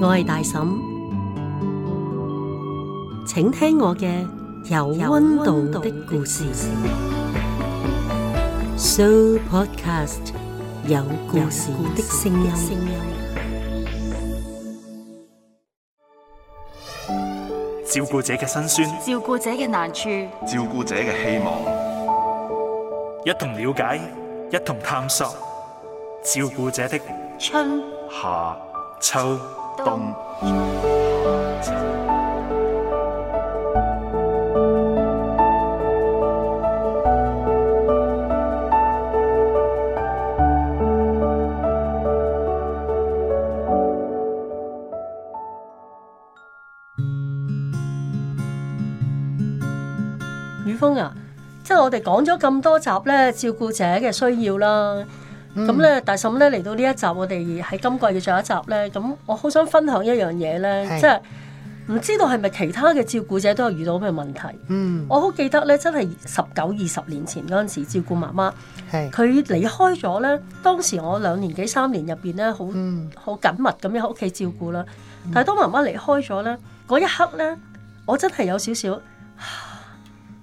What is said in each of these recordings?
我係大嬸，請聽我嘅有溫度的故事。Show Podcast 有故事的聲音。照顧者嘅辛酸，照顧者嘅難處，照顧者嘅希望，一同了解，一同探索，照顧者的春、夏、秋。雨峰啊，即係我哋講咗咁多集呢，照顧者嘅需要啦。咁咧，嗯、大嬸咧，嚟到呢一集，我哋喺今季嘅最後一集咧，咁我好想分享一樣嘢咧，是即係唔知道係咪其他嘅照顧者都有遇到咩問題？嗯，我好記得咧，真係十九二十年前嗰陣時照顧媽媽，係佢離開咗咧。當時我兩年幾三年入邊咧，好好緊密咁樣喺屋企照顧啦。但係當媽媽離開咗咧，嗰一刻咧，我真係有少少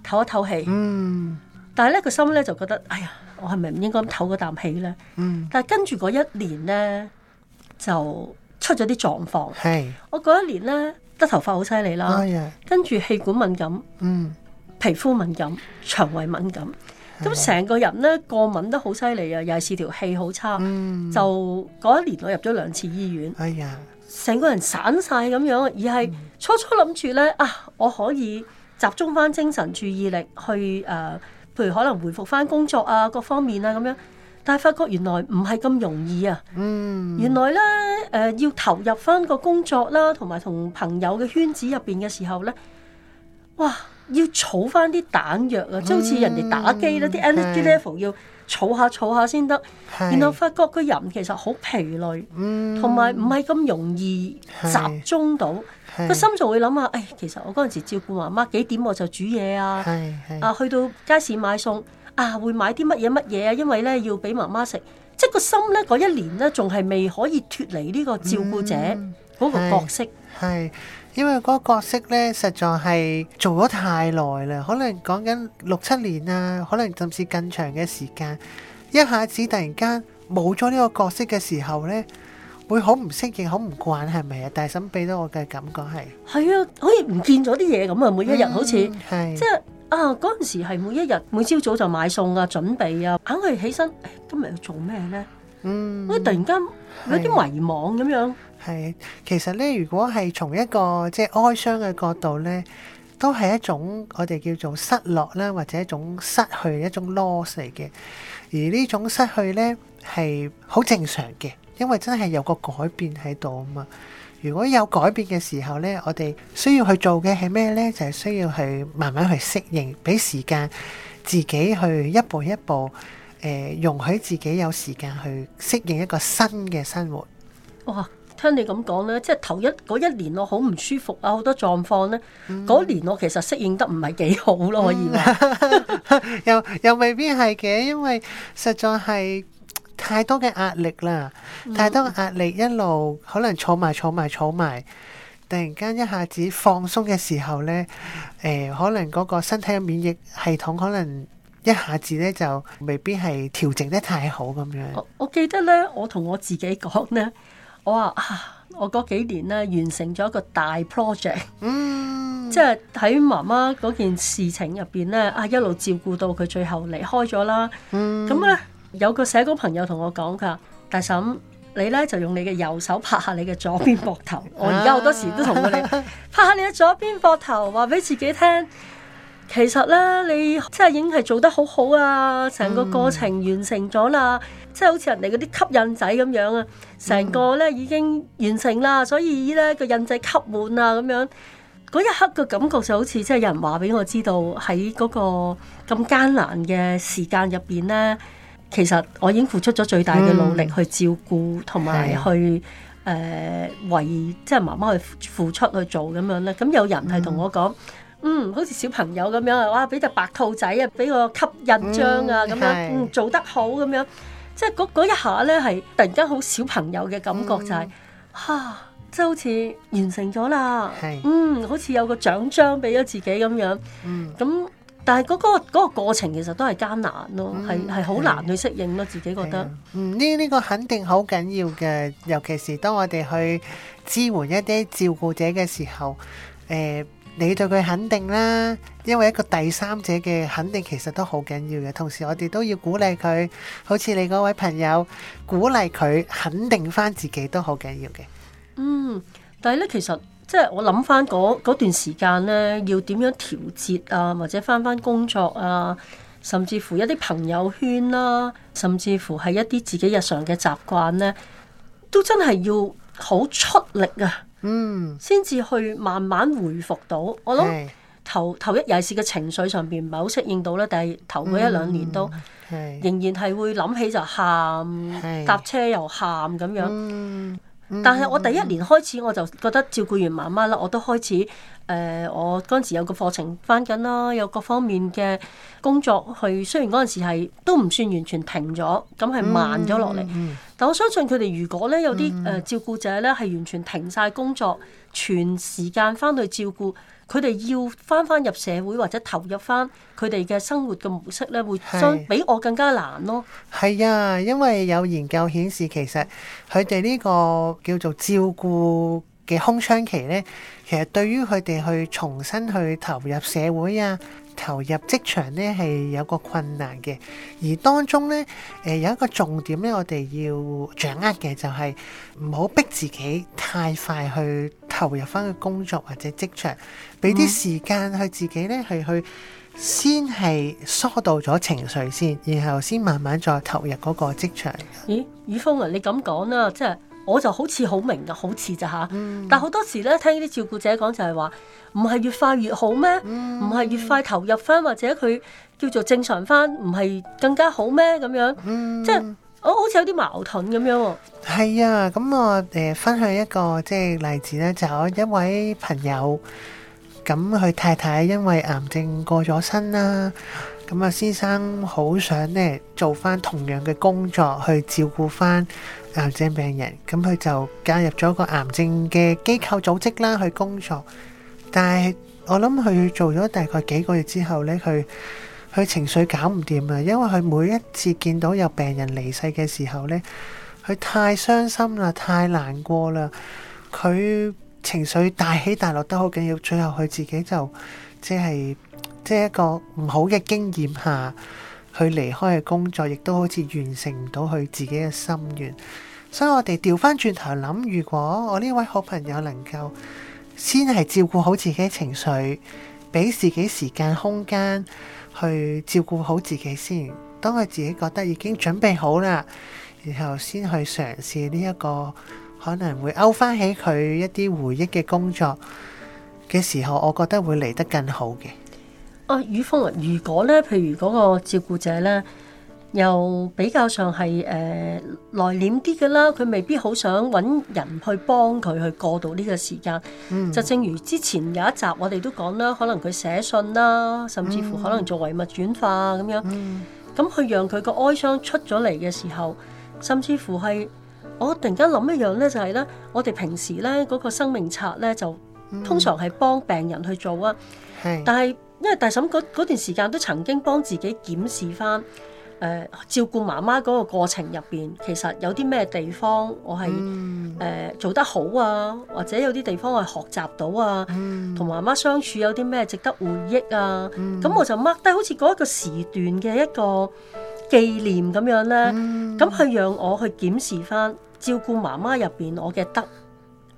透一透氣。嗯，但係咧個心咧就覺得，哎呀～我係咪唔應該唞嗰啖氣咧？嗯，但係跟住嗰一年咧就出咗啲狀況。係是我嗰一年咧，得頭髮好犀利啦。哎呀，跟住氣管敏感，嗯，皮膚敏感，腸胃敏感，咁成是個人咧過敏都好犀利啊！又係視條氣好差，嗯，就嗰一年我入咗兩次醫院。哎呀，成個人散晒咁樣，而係，嗯，初初諗住咧啊，我可以集中翻精神注意力去誒。啊啊譬如可能回復翻工作啊，各方面啊咁樣，但係發覺原來唔係咁容易啊。嗯、原來咧誒、呃、要投入翻個工作啦，同埋同朋友嘅圈子入邊嘅時候咧，哇！要儲翻啲彈藥啊，即好似人哋打機啦，啲、嗯、energy level 要儲下儲下先得。嗯、然後發覺個人其實好疲累，同埋唔係咁容易集中到。嗯個是心就會諗下、啊，誒、哎，其實我嗰陣時照顧媽媽，幾點我就煮嘢啊！啊，去到街市買餸啊，會買啲乜嘢乜嘢啊？因為咧要俾媽媽食，即係個心咧嗰一年咧，仲係未可以脫離呢個照顧者嗰、嗯、個角色。係，因為嗰個角色咧，實在係做咗太耐啦。可能講緊六七年啊，可能甚至更長嘅時間，一下子突然間冇咗呢個角色嘅時候咧。會好唔適應，好唔慣，係咪啊？大嬸俾到我嘅感覺係係啊，好似唔見咗啲嘢咁啊！每一日好似，嗯、即係啊嗰陣時係每一日，每朝早就買餸啊，準備啊，等佢起身、哎，今日要做咩呢？嗯，我突然間有啲迷惘咁是樣。係，其實呢，如果係從一個即係、就是、哀傷嘅角度呢，都係一種我哋叫做失落啦，或者一種失去一種 loss 嚟嘅。而呢種失去呢，係好正常嘅。因為真係有個改變喺度啊嘛！如果有改變嘅時候咧，我哋需要去做嘅係咩咧？就係需要去慢慢去適應，俾時間自己去一步一步，誒容許自己有時間去適應一個新嘅生活。哇！聽你咁講咧，即係頭一嗰一年我好唔舒服啊，好多狀況咧，嗰年我其實適應得唔係幾好咯，可以話。又又未必係嘅，因為實在係。太多嘅壓力啦，太多壓力一路可能儲埋儲埋儲埋，突然間一下子放鬆嘅時候咧，誒、呃，可能嗰個身體嘅免疫系統可能一下子咧就未必係調整得太好咁樣。我我記得咧，我同我自己講咧，我話啊，我嗰幾年咧完成咗一個大 project，嗯，即係喺媽媽嗰件事情入邊咧，啊一路照顧到佢最後離開咗啦，嗯，咁咧。有個社工朋友同我講，佢話：大嬸，你咧就用你嘅右手拍下你嘅左邊膊頭。 我而家好多時都同佢拍下你嘅左邊膊頭，話俾自己聽。其實咧，你即係已經係做得好好啊！成個過程完成咗啦，嗯、即係好似人哋嗰啲吸印仔咁樣啊！成個咧已經完成啦，所以咧個印仔吸滿啦咁樣。嗰一刻嘅感覺就好似即係有人話俾我知道喺嗰個咁艱難嘅時間入邊咧。其實我已經付出咗最大嘅努力去照顧同埋去誒是、呃、為即係媽媽去付出去做咁樣咧，咁有人係同我講，嗯、嗯，好似小朋友咁樣，哇，俾隻白兔仔啊，俾個吸印章啊，咁、嗯、樣是、嗯，做得好咁樣，即係嗰一下咧，係突然間好小朋友嘅感覺、就係嗯啊，就係，吓，即係好似完成咗啦，是嗯，好似有個獎章俾咗自己咁樣，咁，嗯嗯嗯。但係嗰個嗰個過程其實都係艱難咯，係係好難去適應咯，自己覺得。嗯，呢呢個肯定好緊要嘅，尤其是當我哋去支援一啲照顧者嘅時候，誒，你對佢肯定啦，因為一個第三者嘅肯定其實都好緊要嘅。同時我哋都要鼓勵佢，好似你嗰位朋友，鼓勵佢肯定翻自己都好緊要嘅。嗯，但係咧其實。即係我諗翻嗰段時間咧，要點樣調節啊，或者翻翻工作啊，甚至乎一啲朋友圈啦、啊，甚至乎係一啲自己日常嘅習慣咧，都真係要好出力啊，嗯，先至去慢慢回復到。嗯、我諗頭是頭一日是嘅情緒上邊唔係好適應到咧，但係頭嗰一兩年都、嗯、仍然係會諗起就喊，是搭車又喊咁樣。嗯嗯但係我第一年開始，我就覺得照顧完媽媽啦，我都開始誒、呃，我嗰陣時有個課程返緊啦，有各方面嘅工作去，雖然嗰陣時係都唔算完全停咗，咁係慢咗落嚟。但我相信佢哋，如果咧有啲誒照顧者咧係完全停晒工作，全時間返去照顧。佢哋要翻翻入社會或者投入翻佢哋嘅生活嘅模式咧，會相比我更加難咯。係啊，因為有研究顯示，其實佢哋呢個叫做照顧嘅空窗期咧，其實對於佢哋去重新去投入社會啊，投入職場咧係有個困難嘅。而當中咧，誒、呃、有一個重點咧，我哋要掌握嘅就係唔好逼自己太快去投入翻去工作或者職場，俾啲時間去自己咧係去，去先係疏導咗情緒先，然後先慢慢再投入嗰個職場。咦，宇峰啊，你咁講啦，即係。我就好似好明㗎，好似咋吓。嗯、但好多時咧，聽啲照顧者講就係話，唔係越快越好咩？唔係、嗯、越快投入翻或者佢叫做正常翻，唔係更加好咩？咁樣，即係、嗯就是、我好似有啲矛盾咁樣。係啊，咁我誒，分享一個即係、就是、例子咧，就我、是、一位朋友，咁佢太太因為癌症過咗身啦，咁啊，先生好想咧做翻同樣嘅工作去照顧翻。癌症病人，咁佢就加入咗個癌症嘅機構組織啦，去工作。但係我諗佢做咗大概幾個月之後呢，佢佢情緒搞唔掂啊！因為佢每一次見到有病人離世嘅時候呢，佢太傷心啦，太難過啦，佢情緒大起大落得好緊要。最後佢自己就即係即係一個唔好嘅經驗下。佢離開嘅工作，亦都好似完成唔到佢自己嘅心願。所以我哋調翻轉頭諗，如果我呢位好朋友能夠先係照顧好自己情緒，俾自己時間空間去照顧好自己先，當佢自己覺得已經準備好啦，然後先去嘗試呢一個可能會勾翻起佢一啲回憶嘅工作嘅時候，我覺得會嚟得更好嘅。啊，宇峰，如果咧，譬如嗰個照顧者咧，又比較上係誒內斂啲嘅啦，佢未必好想搵人去幫佢去過渡呢個時間。嗯、就正如之前有一集我哋都講啦，可能佢寫信啦，甚至乎可能做遺物轉化咁、啊嗯、樣，咁、嗯嗯嗯、去讓佢個哀傷出咗嚟嘅時候，甚至乎係我突然間諗一樣咧，就係咧，我哋平時咧嗰、那個生命冊咧，就通常係幫病人去做啊，但係，因為大嬸嗰段時間都曾經幫自己檢視翻，誒、呃、照顧媽媽嗰個過程入邊，其實有啲咩地方我係誒、嗯呃、做得好啊，或者有啲地方我係學習到啊，同、嗯、媽媽相處有啲咩值得回憶啊，咁、嗯、我就 mark 低好似嗰一個時段嘅一個紀念咁樣咧，咁佢、嗯、讓我去檢視翻照顧媽媽入邊我嘅得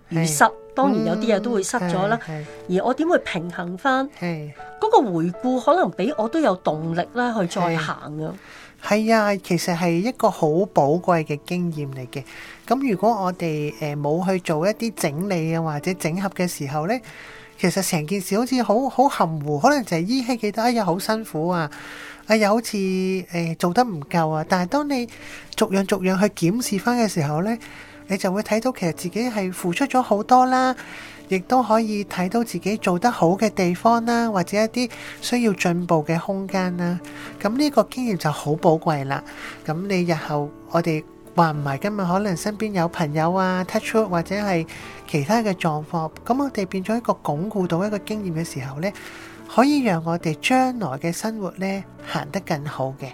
與失。當然有啲嘢都會失咗啦，嗯、而我點會平衡翻？嗰是個回顧可能俾我都有動力啦，去再行嘅。係啊，其實係一個好寶貴嘅經驗嚟嘅。咁如果我哋誒冇去做一啲整理啊或者整合嘅時候呢，其實成件事好似好好含糊，可能就係依稀記得，哎呀好辛苦啊，啊、哎、又好似誒、哎、做得唔夠啊。但係當你逐樣逐樣去檢視翻嘅時候呢。你就會睇到其實自己係付出咗好多啦，亦都可以睇到自己做得好嘅地方啦，或者一啲需要進步嘅空間啦。咁呢個經驗就好寶貴啦。咁你日後我哋話唔埋，今日可能身邊有朋友啊，touch wood，或者係其他嘅狀況，咁我哋變咗一個鞏固到一個經驗嘅時候呢，可以讓我哋將來嘅生活呢行得更好嘅。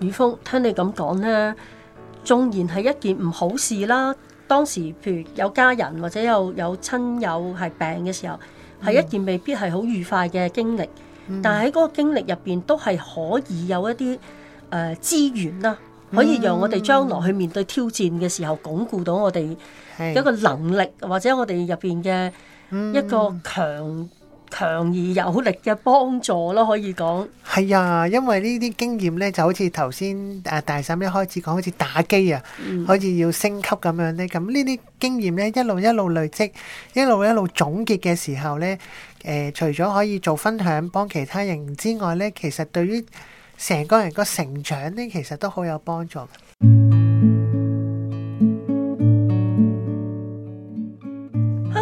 雨峰，聽你咁講啦。縱然係一件唔好事啦，當時譬如有家人或者有有親友係病嘅時候，係一件未必係好愉快嘅經歷。嗯、但係喺嗰個經歷入邊，都係可以有一啲誒資源啦，可以讓我哋將來去面對挑戰嘅時候，鞏固到我哋一個能力，是或者我哋入邊嘅一個強強而有力嘅幫助咯，可以講係啊，因為呢啲經驗咧，就好似頭先阿大嬸一開始講，好似打機啊，嗯、好似要升級咁樣咧。咁呢啲經驗咧，一路一路累積，一路一路總結嘅時候咧，誒、呃，除咗可以做分享幫其他人之外咧，其實對於成個人個成長咧，其實都好有幫助。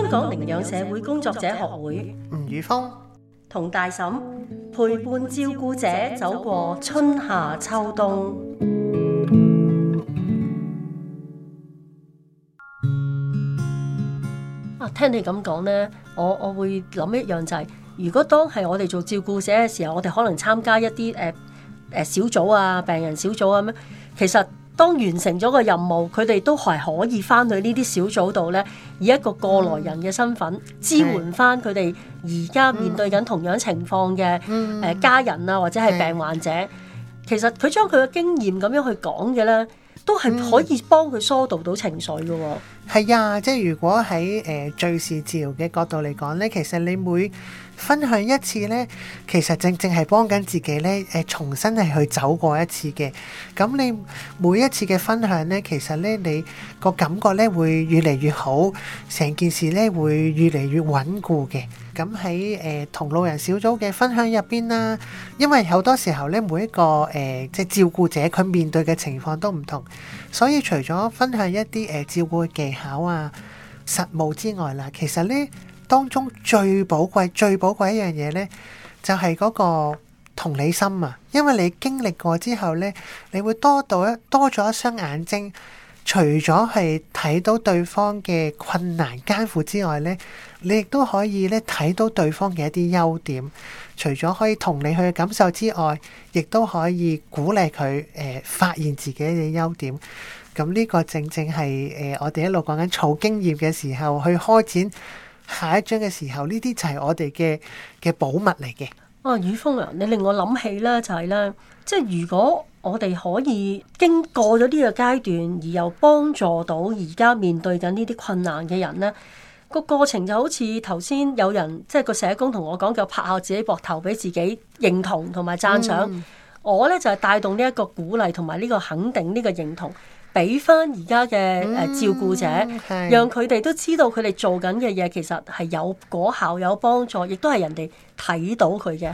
香港營養社會工作者學會吳宇峰同大嬸，陪伴照顧者走過春夏秋冬。啊，聽你咁講呢，我我會諗一樣就係、是，如果當係我哋做照顧者嘅時候，我哋可能參加一啲誒誒小組啊、病人小組啊咩？其實。當完成咗個任務，佢哋都還可以翻去呢啲小組度，呢以一個過來人嘅身份，嗯、支援翻佢哋而家面對緊同樣情況嘅，誒、嗯呃、家人啊，或者係病患者。嗯、其實佢將佢嘅經驗咁樣去講嘅呢，都係可以幫佢疏導到情緒嘅。係啊，即係如果喺，誒、呃、敘事治療嘅角度嚟講呢，其實你每分享一次呢，其實正正係幫緊自己呢，誒、呃、重新係去走過一次嘅。咁你每一次嘅分享呢，其實呢，你個感覺呢會越嚟越好，成件事呢會越嚟越穩固嘅。咁喺誒同路人小組嘅分享入邊啦，因為好多時候呢，每一個誒、呃、即係照顧者佢面對嘅情況都唔同，所以除咗分享一啲誒、呃、照顧技巧啊、實務之外啦，其實呢，當中最寶貴、最寶貴一樣嘢咧，就係、是、嗰個同理心啊。因為你經歷過之後咧，你會多到一多咗一雙眼睛，除咗係睇到對方嘅困難艱苦之外咧，你亦都可以咧睇到對方嘅一啲優點。除咗可以同你去感受之外，亦都可以鼓勵佢誒、呃、發現自己嘅優點。咁呢個正正係誒、呃、我哋一路講緊儲經驗嘅時候去開展。下一章嘅時候，呢啲就係我哋嘅嘅寶物嚟嘅。哦、啊，雨峰啊，你令我諗起咧，就係、是、咧，即係如果我哋可以經過咗呢個階段，而又幫助到而家面對緊呢啲困難嘅人咧，個過程就好似頭先有人即係個社工同我講，叫拍下自己膊頭俾自己認同同埋讚賞。嗯、我咧就係、是、帶動呢一個鼓勵同埋呢個肯定呢個認同。俾翻而家嘅誒照顧者，讓佢哋都知道佢哋做緊嘅嘢其實係有果效、有幫助，亦都係人哋睇到佢嘅。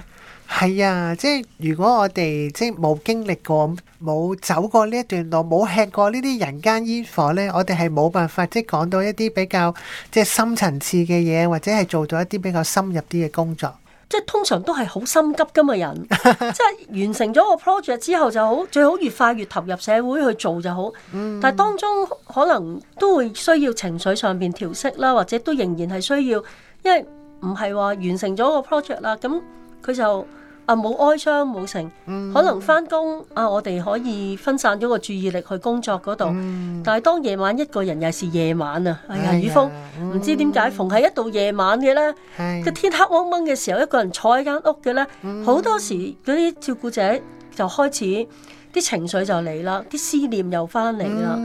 係啊，即係如果我哋即係冇經歷過、冇走過呢一段路、冇吃過呢啲人間煙火咧，我哋係冇辦法即係講到一啲比較即係深層次嘅嘢，或者係做到一啲比較深入啲嘅工作。即係通常都係好心急㗎嘛人， 即係完成咗個 project 之後就好，最好越快越投入社會去做就好。但係當中可能都會需要情緒上面調適啦，或者都仍然係需要，因為唔係話完成咗個 project 啦，咁佢就。啊，冇哀傷冇成，嗯、可能翻工啊，我哋可以分散咗個注意力去工作嗰度。嗯、但係當夜晚一個人又是夜晚啊，阿、哎、雨峰唔、哎、呀知點解，逢係、嗯、一到夜晚嘅咧，個的天黑蒙蒙嘅時候，一個人坐喺間屋嘅咧，好、嗯、多時嗰啲照顧者就開始。啲情緒就嚟啦，啲思念又翻嚟啦，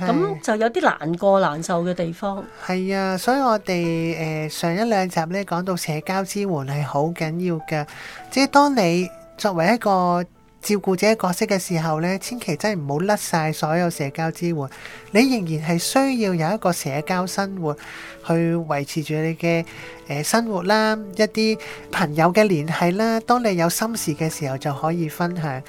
咁、嗯、就有啲難過難受嘅地方。係啊，所以我哋誒、呃、上一兩集咧講到社交支援係好緊要嘅，即係當你作為一個照顧者角色嘅時候咧，千祈真係唔好甩晒所有社交支援，你仍然係需要有一個社交生活去維持住你嘅誒、呃、生活啦，一啲朋友嘅聯繫啦，當你有心事嘅時候就可以分享。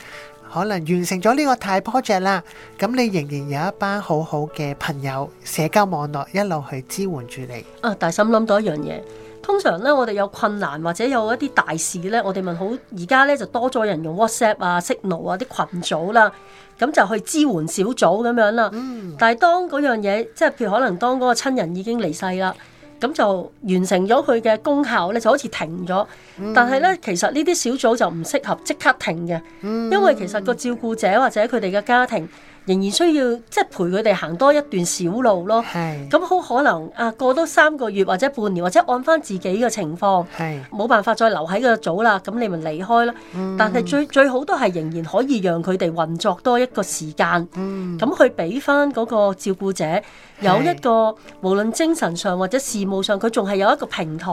可能完成咗呢個太 project 啦，咁你仍然有一班好好嘅朋友，社交網絡一路去支援住你。啊，大心諗到一樣嘢，通常呢，我哋有困難或者有一啲大事呢，我哋問好，而家呢，就多咗人用 WhatsApp 啊、Signal 啊啲群組啦，咁就去支援小組咁樣啦。嗯，但係當嗰樣嘢，即係譬如可能當嗰個親人已經離世啦。咁就完成咗佢嘅功效咧，就好似停咗。嗯、但係咧，其實呢啲小組就唔適合即刻停嘅，嗯、因為其實個照顧者或者佢哋嘅家庭。仍然需要即係陪佢哋行多一段小路咯。咁好是可能啊，過多三個月或者半年或者按翻自己嘅情況，冇是辦法再留喺個組啦。咁你咪離開啦。嗯、但係最最好都係仍然可以讓佢哋運作多一個時間。咁佢俾翻嗰個照顧者有一個是無論精神上或者事務上，佢仲係有一個平台，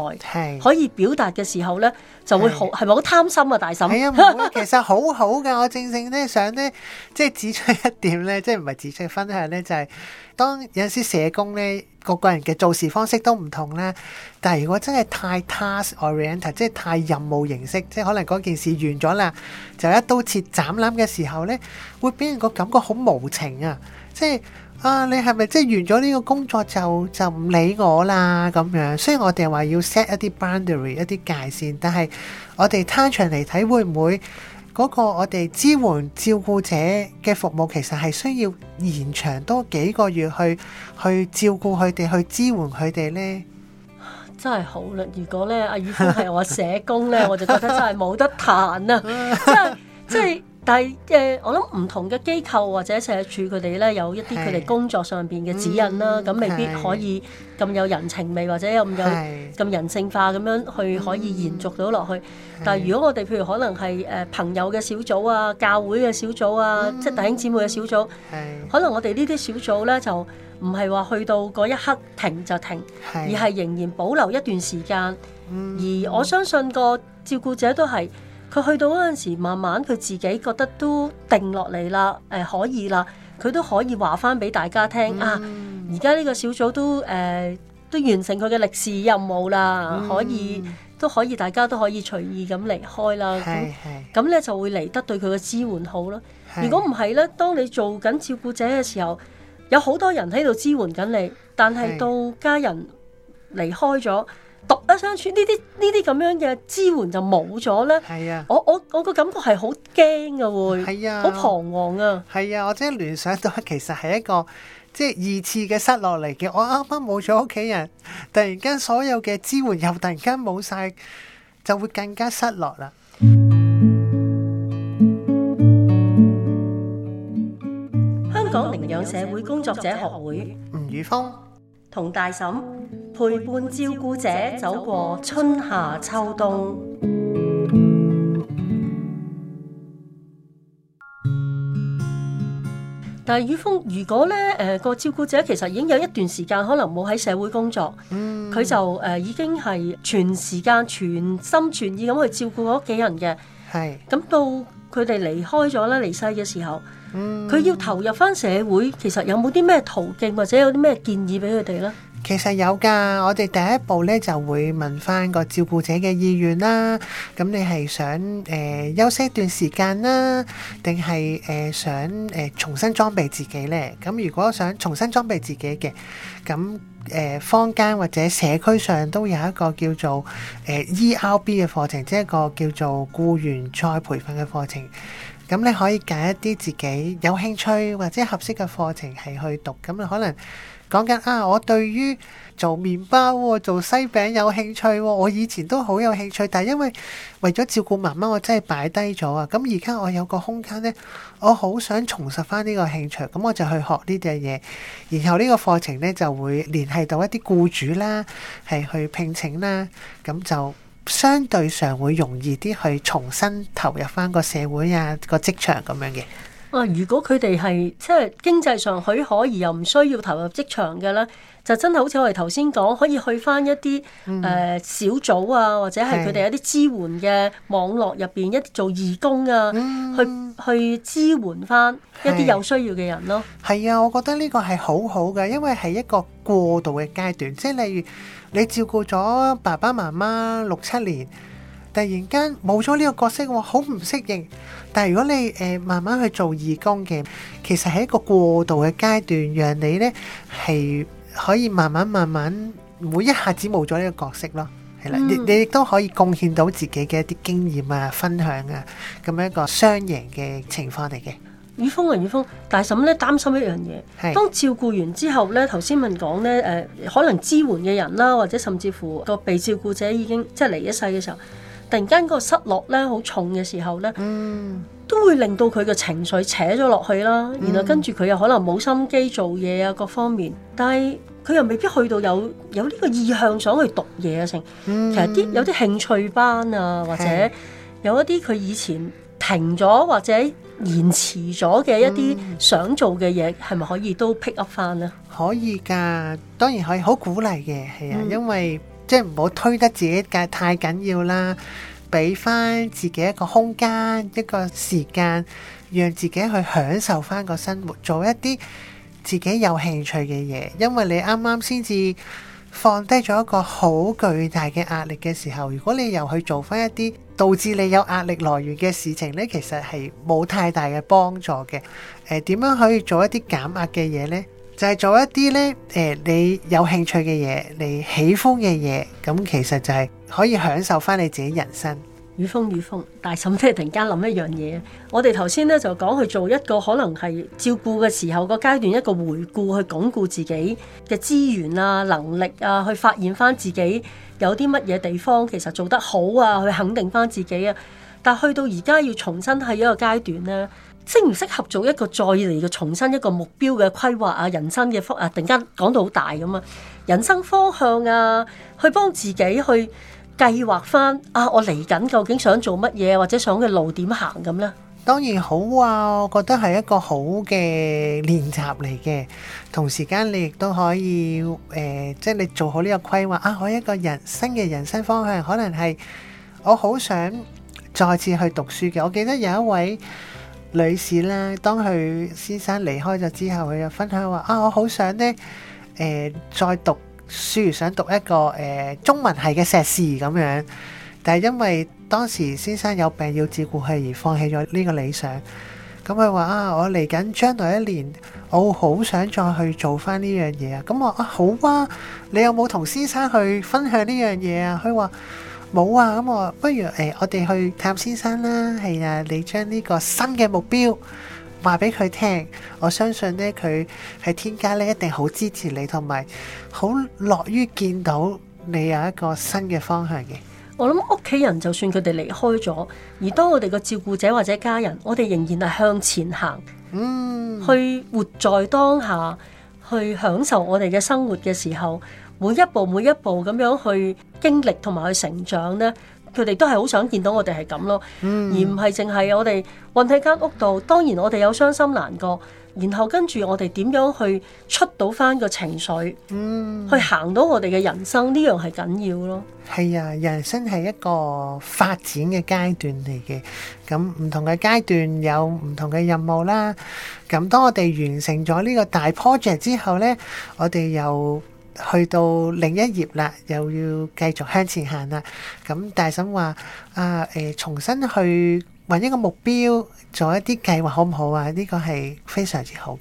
可以表達嘅時候咧，就會好係咪好貪心啊？大嬸。其實好好嘅， 我正正咧想咧，即係指出一點，點。即係唔係直接分享咧，就係、是、當有陣時社工咧，個個人嘅做事方式都唔同咧。但係如果真係太 task oriented，即係太任務形式，即係可能嗰件事完咗啦，就一刀切斬纜嘅時候咧，會俾人個感覺好無情啊！即係啊，你係咪即係完咗呢個工作就就唔理我啦咁樣？雖然我哋話要 set 一啲 boundary 一啲界線，但係我哋攤長嚟睇會唔會？嗰個我哋支援照顧者嘅服務，其實係需要延長多幾個月去去照顧佢哋，去支援佢哋呢。 真係好啦。如果呢，阿雨風係我社工呢，我就覺得真係冇得談啦、啊， 真係但係，誒、呃，我諗唔同嘅機構或者社署佢哋咧，有一啲佢哋工作上邊嘅指引啦、啊，咁是未必可以咁有人情味，是或者又唔又咁人性化咁樣去可以延續到落去。是但係如果我哋譬如可能係誒朋友嘅小組啊、教會嘅小組啊、是即係弟兄姊妹嘅小組，是可能我哋呢啲小組呢就唔係話去到嗰一刻停就停，是而係仍然保留一段時間。而我相信個照顧者都係。佢去到嗰陣時，慢慢佢自己覺得都定落嚟啦，誒、呃、可以啦，佢都可以話翻俾大家聽、嗯、啊！而家呢個小組都誒、呃、都完成佢嘅歷史任務啦，嗯、可以都可以大家都可以隨意咁離開啦。咁咁咧就會嚟得對佢嘅支援好咯。是是如果唔係咧，當你做緊照顧者嘅時候，有好多人喺度支援緊你，但係到家人離開咗。獨啊相處呢啲呢啲咁樣嘅支援就冇咗咧，係啊，我我我個感覺係好驚嘅喎，好、啊、彷徨啊！係啊，我真係聯想到其實係一個即係、就是、二次嘅失落嚟嘅。我啱啱冇咗屋企人，突然間所有嘅支援又突然間冇晒，就會更加失落啦。香港領養社會工作者學會,會,者學會吳宇峰同大嬸。陪伴照顧者走過春夏秋冬，但係雨峰，如果咧誒、呃，那個照顧者其實已經有一段時間可能冇喺社會工作，佢、嗯、就誒、呃、已經係全時間全心全意咁去照顧屋企人嘅。係咁是到佢哋離開咗咧，離世嘅時候，佢、嗯、要投入翻社會，其實有冇啲咩途徑或者有啲咩建議俾佢哋咧？其實有㗎，我哋第一步咧就會問翻個照顧者嘅意願啦。咁你係想誒、呃、休息一段時間啦，定係誒想誒、呃、重新裝備自己呢？咁如果想重新裝備自己嘅，咁誒、呃、坊間或者社區上都有一個叫做誒、呃、ERB 嘅課程，即係一個叫做雇員再培訓嘅課程。咁你可以揀一啲自己有興趣或者合適嘅課程係去讀。咁可能。講緊啊！我對於做麵包、做西餅有興趣。我以前都好有興趣，但係因為為咗照顧媽媽，我真係擺低咗啊！咁而家我有個空間咧，我好想重拾翻呢個興趣，咁我就去學呢樣嘢。然後呢個課程咧就會聯繫到一啲僱主啦，係去聘請啦，咁就相對上會容易啲去重新投入翻個社會啊，個職場咁樣嘅。如果佢哋係即係經濟上許可而又唔需要投入職場嘅咧，就真係好似我哋頭先講，可以去翻一啲誒、嗯呃、小組啊，或者係佢哋一啲支援嘅網絡入邊，一啲做義工啊，嗯、去去支援翻一啲有需要嘅人咯。係啊，我覺得呢個係好好嘅，因為係一個過渡嘅階段，即係例如你照顧咗爸爸媽媽六七年。突然間冇咗呢個角色，我好唔適應。但係如果你誒、呃、慢慢去做義工嘅，其實係一個過渡嘅階段，讓你呢係可以慢慢慢慢，唔會一下子冇咗呢個角色咯。係啦，嗯、你你亦都可以貢獻到自己嘅一啲經驗啊、分享啊，咁樣一個雙贏嘅情況嚟嘅。雨峰啊，雨峰，大嬸咧擔心一樣嘢，係是當照顧完之後呢，頭先問講呢，誒、呃、可能支援嘅人啦、啊，或者甚至乎個被照顧者已經即係離一世嘅時候。突然間個失落咧好重嘅時候咧，嗯、都會令到佢嘅情緒扯咗落去啦。嗯、然後跟住佢又可能冇心機做嘢啊，各方面。但係佢又未必去到有有呢個意向想去讀嘢啊，成、嗯、其實啲有啲興趣班啊，或者有一啲佢以前停咗或者延遲咗嘅一啲想做嘅嘢，係咪、嗯、可以都 pick up 翻咧？可以㗎，當然可以，好鼓勵嘅係啊，因為，即係唔好推得自己太緊要啦，俾翻自己一個空間，一個時間，讓自己去享受翻個生活，做一啲自己有興趣嘅嘢。因為你啱啱先至放低咗一個好巨大嘅壓力嘅時候，如果你又去做翻一啲導致你有壓力來源嘅事情呢，其實係冇太大嘅幫助嘅。誒、呃，點樣可以做一啲減壓嘅嘢呢？就係做一啲呢，誒、呃，你有興趣嘅嘢，你喜歡嘅嘢，咁、嗯、其實就係可以享受翻你自己人生。雨峰，雨峰，大嬸真係突然間諗一樣嘢，我哋頭先呢，就講去做一個可能係照顧嘅時候個階段，一個回顧去鞏固自己嘅資源啊、能力啊，去發現翻自己有啲乜嘢地方其實做得好啊，去肯定翻自己啊。但去到而家要重新喺一個階段呢。適唔適合做一個再嚟嘅，重新一個目標嘅規劃啊？人生嘅方啊，突然間講到好大咁啊！人生方向啊，去幫自己去計劃翻啊！我嚟緊究竟想做乜嘢，或者想嘅路點行咁呢？當然好啊，我覺得係一個好嘅練習嚟嘅。同時間你亦都可以誒，即、呃、係、就是、你做好呢個規劃啊！我一個人新嘅人生方向，可能係我好想再次去讀書嘅。我記得有一位。女士啦，當佢先生離開咗之後，佢就分享話：啊，我好想呢，誒、呃，再讀書，想讀一個誒、呃、中文系嘅碩士咁樣。但係因為當時先生有病要照顧佢，而放棄咗呢個理想。咁佢話：啊，我嚟緊將來一年，我好想再去做翻呢樣嘢啊！咁、嗯、我啊，好啊，你有冇同先生去分享呢樣嘢啊？佢話。冇啊！咁我不如誒、哎，我哋去探先生啦。係啊，你將呢個新嘅目標話俾佢聽，我相信咧，佢喺天家咧一定好支持你，同埋好樂於見到你有一個新嘅方向嘅。我諗屋企人就算佢哋離開咗，而當我哋嘅照顧者或者家人，我哋仍然係向前行，嗯，去活在當下，去享受我哋嘅生活嘅時候。每一步每一步咁樣去經歷同埋去成長呢，佢哋都係好想見到我哋係咁咯，嗯、而唔係淨係我哋困喺間屋度。當然我哋有傷心難過，然後跟住我哋點樣去出到翻個情緒，嗯、去行到我哋嘅人生呢樣係緊要咯。係啊，人生係一個發展嘅階段嚟嘅，咁唔同嘅階段有唔同嘅任務啦。咁當我哋完成咗呢個大 project 之後呢，我哋又。去到另一頁啦，又要繼續向前行啦。咁大嬸話：啊，誒，重新去搵一個目標，做一啲計劃，好唔好啊？呢個係非常之好嘅。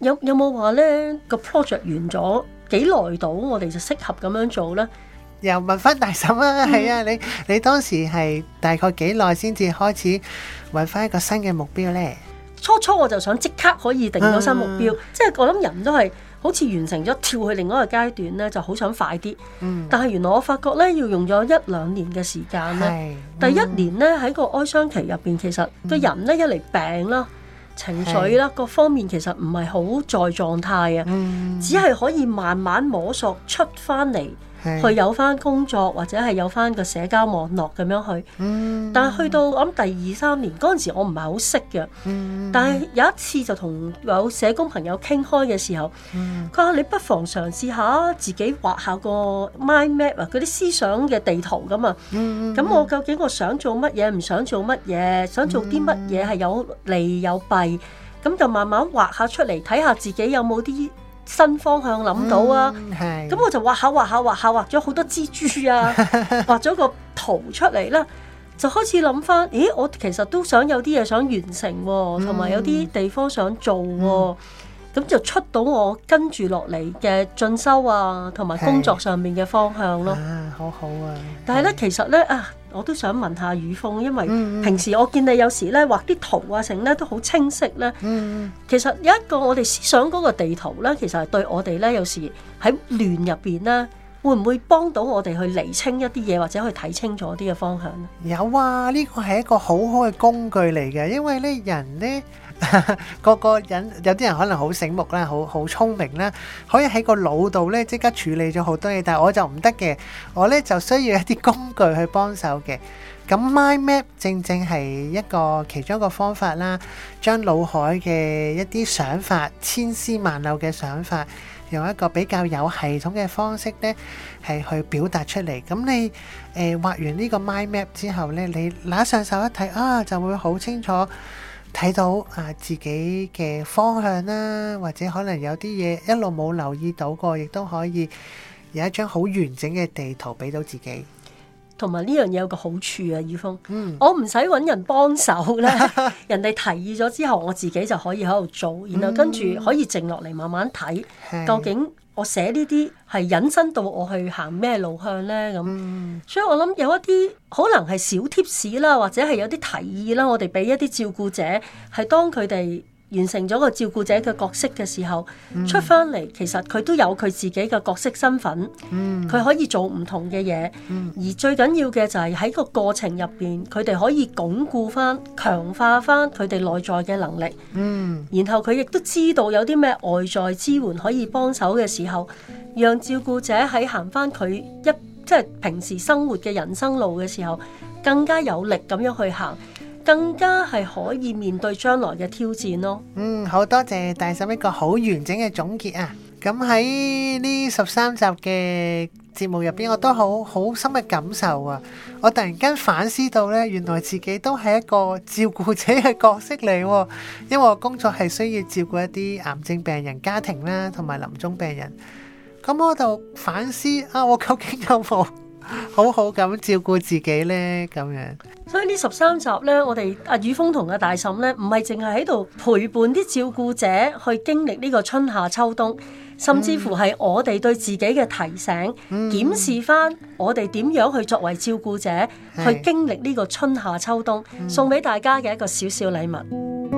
有有冇話呢個 project 完咗幾耐到，我哋就適合咁樣做呢？又問翻大嬸啦，係啊，你你當時係大概幾耐先至開始搵翻一個新嘅目標呢？初初我就想即刻可以定咗新目標，即係我諗人都係。好似完成咗跳去另外一個階段咧，就好想快啲。嗯、但係原來我發覺咧，要用咗一兩年嘅時間咧。嗯、第一年咧，喺個哀傷期入邊，其實個人咧、嗯、一嚟病啦，情緒啦是各方面其實唔係好在狀態啊，嗯、只係可以慢慢摸索出翻嚟。是去有翻工作或者係有翻個社交網絡咁樣去，嗯、但係去到我諗第二三年嗰陣時我，我唔係好識嘅。但係有一次就同有社工朋友傾開嘅時候，佢話、嗯、你不妨嘗試下自己畫下個 mind map 或嗰啲思想嘅地圖咁嘛。咁、嗯嗯、我究竟我想做乜嘢？唔想做乜嘢？想做啲乜嘢係有利有弊？咁、嗯、就慢慢畫下出嚟，睇下自己有冇啲新方向諗到啊，咁、嗯嗯、我就畫下畫下畫下畫咗好多蜘蛛啊，畫咗個圖出嚟啦， 就開始諗返，咦，我其實都想有啲嘢想完成喎、啊，同埋有啲地方想做喎、啊，咁、嗯嗯、就出到我跟住落嚟嘅進修啊，同埋工作上面嘅方向咯。啊，好好啊！但係咧，是其實咧啊。我都想問下雨峰，因為嗯嗯，平時我見你有時咧畫啲圖啊，成咧都好清晰咧。嗯嗯，其實有一個我哋思想嗰個地圖咧，其實係對我哋咧有時喺亂入邊咧，會唔會幫到我哋去釐清一啲嘢，或者去睇清楚啲嘅方向咧？有啊，呢、呢個係一個好好嘅工具嚟嘅，因為咧人咧。個 個人有啲人可能好醒目啦，好好聰明啦，可以喺個腦度咧即刻處理咗好多嘢，但係我就唔得嘅，我咧就需要一啲工具去幫手嘅。咁 mind map 正正係一個其中一個方法啦，將腦海嘅一啲想法、千絲萬縷嘅想法，用一個比較有系統嘅方式咧，係去表達出嚟。咁你誒畫、呃、完呢個 mind map 之後咧，你拿上手一睇啊，就會好清楚。睇到啊，自己嘅方向啦，或者可能有啲嘢一路冇留意到過，亦都可以有一張好完整嘅地圖俾到自己。同埋呢樣嘢有個好處啊，宇峰，嗯，我唔使揾人幫手啦， 人哋提議咗之後，我自己就可以喺度做，然後跟住可以靜落嚟慢慢睇究竟，嗯。我寫呢啲係引申到我去行咩路向呢？咁，所以我諗有一啲可能係小貼士啦，或者係有啲提議啦，我哋俾一啲照顧者係當佢哋，完成咗個照顧者嘅角色嘅時候，嗯、出翻嚟其實佢都有佢自己嘅角色身份，佢、嗯、可以做唔同嘅嘢，嗯、而最緊要嘅就係喺個過程入邊，佢哋可以鞏固翻、強化翻佢哋內在嘅能力。嗯、然後佢亦都知道有啲咩外在支援可以幫手嘅時候，讓照顧者喺行翻佢一即係、就是、平時生活嘅人生路嘅時候，更加有力咁樣去行。更加係可以面對將來嘅挑戰咯。嗯，好多謝大嬸一個好完整嘅總結啊！咁喺呢十三集嘅節目入邊，我都好好深嘅感受啊！我突然間反思到呢，原來自己都係一個照顧者嘅角色嚟、啊，因為我工作係需要照顧一啲癌症病人、家庭啦、啊，同埋臨終病人。咁我就反思啊，我究竟有冇……好好咁照顧自己呢。咁樣。所以呢十三集呢，我哋阿宇峰同阿大嬸呢，唔係淨係喺度陪伴啲照顧者去經歷呢個春夏秋冬，甚至乎係我哋對自己嘅提醒，檢、嗯、視翻我哋點樣去作為照顧者、嗯、去經歷呢個春夏秋冬，嗯、送俾大家嘅一個小小禮物。